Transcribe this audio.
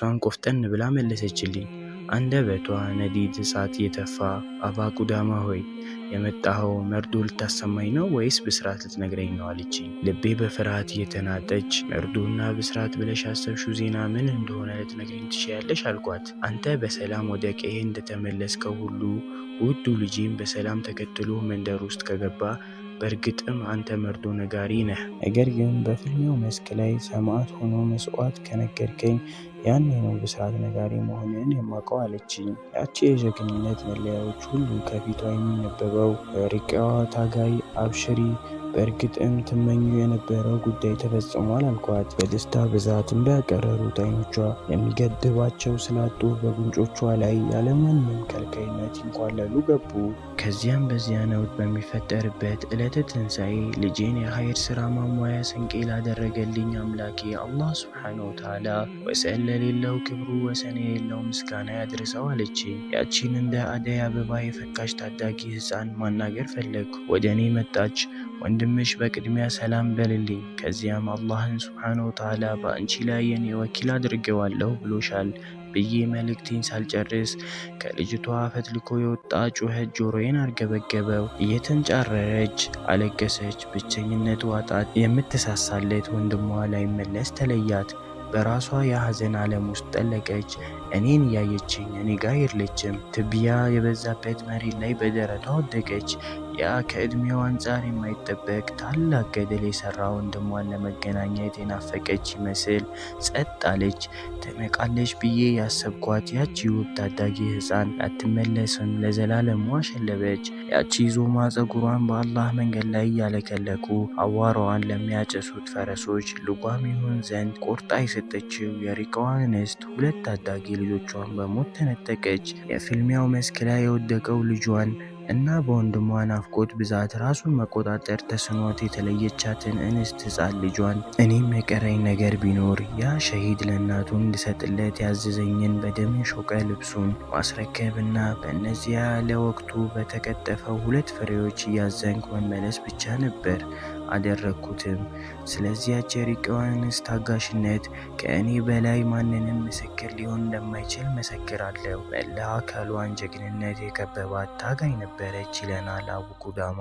እርሷን ቆፍጠን ብላ መለሰችልኝ። አንደበቷ ነዲድ እሳት የተፋ አባ ቁዳማ ሆይ የመጣኸው መርዶ ልታሰማኝ ነው ወይስ ብስራት ልትነግረኝ ነው አለችኝ። ልቤ በፍርሃት እየተናጠች መርዶና ብስራት ብለሽ ያሰብሽው ዜና ምን እንደሆነ ልትነግረኝ ትችያለሽ አልኳት። አንተ በሰላም ወደ ቀዬ እንደተመለስከው ሁሉ ውዱ ልጅም በሰላም ተከትሎ መንደር ውስጥ ከገባ በእርግጥም አንተ መርዶ ነጋሪ ነህ። ነገር ግን በፍልሚያው መስክ ላይ ሰማዕት ሆኖ መስዋዕት ከነገርከኝ ያን ነው ብስራት ነጋሪ መሆንን የማውቀው አለችኝ። ያቺ የጀግንነት መለያዎች ሁሉ ከፊቷ የሚነበበው ርቂዋ ታጋይ አብሽሪ በእርግጥም ትመኙ የነበረው ጉዳይ ተፈጽሟል አልኳት። በደስታ ብዛት እንዳያቀረሩት አይኖቿ የሚገድባቸው ስላጡ በጉንጮቿ ላይ ያለምንም ከልካይነት ይንኳለሉ ገቡ። ከዚያም በዚያ ነውጥ በሚፈጠርበት ዕለተ ትንሣኤ ልጄን የሀይር ሥራ ማሟያ ስንቄ ላደረገልኝ አምላኬ አላህ ስብሓነ ወተዓላ ወሰለ ለሌለው ክብሩ ወሰን የሌለው ምስጋና ያድርሰው አለች። ያቺን እንደ አደይ አበባ የፈካች ታዳጊ ህፃን ማናገር ፈለግኩ። ወደ እኔ መጣች። ወንድምሽ በቅድሚያ ሰላም በልልኝ፣ ከዚያም አላህን ሱብሓነሁ ወተዓላ በአንቺ ላይ የኔ ወኪል አድርገዋለሁ ብሎሻል ብዬ መልእክቴን ሳልጨርስ ከልጅቷ ፈትልኮ የወጣ ጩኸት ጆሮዬን አርገበገበው። እየተንጫረረች አለገሰች ብቸኝነት ዋጣት። የምትሳሳለት ወንድሟ ላይመለስ ተለያት። በራሷ የሐዘን ዓለም ውስጥ ጠለቀች። እኔን እያየችኝ እኔ ጋር የለችም። ትቢያ የበዛበት መሬት ላይ በደረቷ ወደቀች። ያ ከእድሜው አንጻር የማይጠበቅ ታላቅ ገደል የሰራ ወንድሟን ለመገናኘት የናፈቀች ይመስል ጸጥ አለች። ትነቃለች ብዬ ያሰብኳት ያቺ ውብ ታዳጊ ሕፃን አትመለስም፣ ለዘላለሙ አሸለበች። ያቺ ዞማ ጸጉሯን በአላህ መንገድ ላይ እያለከለኩ አዋራዋን ለሚያጨሱት ፈረሶች ልጓም ይሆን ዘንድ ቆርጣ የሰጠችው የሪቃዋ እንስት ሁለት ታዳጊ ልጆቿን በሞት ተነጠቀች። የፍልሚያው መስክ ላይ የወደቀው ልጇን እና በወንድሟ ናፍቆት ብዛት ራሱን መቆጣጠር ተስኖት የተለየቻትን እንስት ህፃን ልጇን እኔም የቀረኝ ነገር ቢኖር ያ ሸሂድ ለእናቱ እንድሰጥለት ያዘዘኝን በደም ሾቀ ልብሱን ማስረከብና በእነዚያ ለወቅቱ በተቀጠፈው ሁለት ፍሬዎች እያዘንኩ መመለስ ብቻ ነበር። አደረግኩትም። ስለዚያች የሪቃውያንስ ታጋሽነት ከእኔ በላይ ማንንም ምስክር ሊሆን እንደማይችል መሰክራለሁ። መላ አካሏን ጀግንነት የከበባት ታጋይ ነበረች ይለናል አቡ ቁዳማ።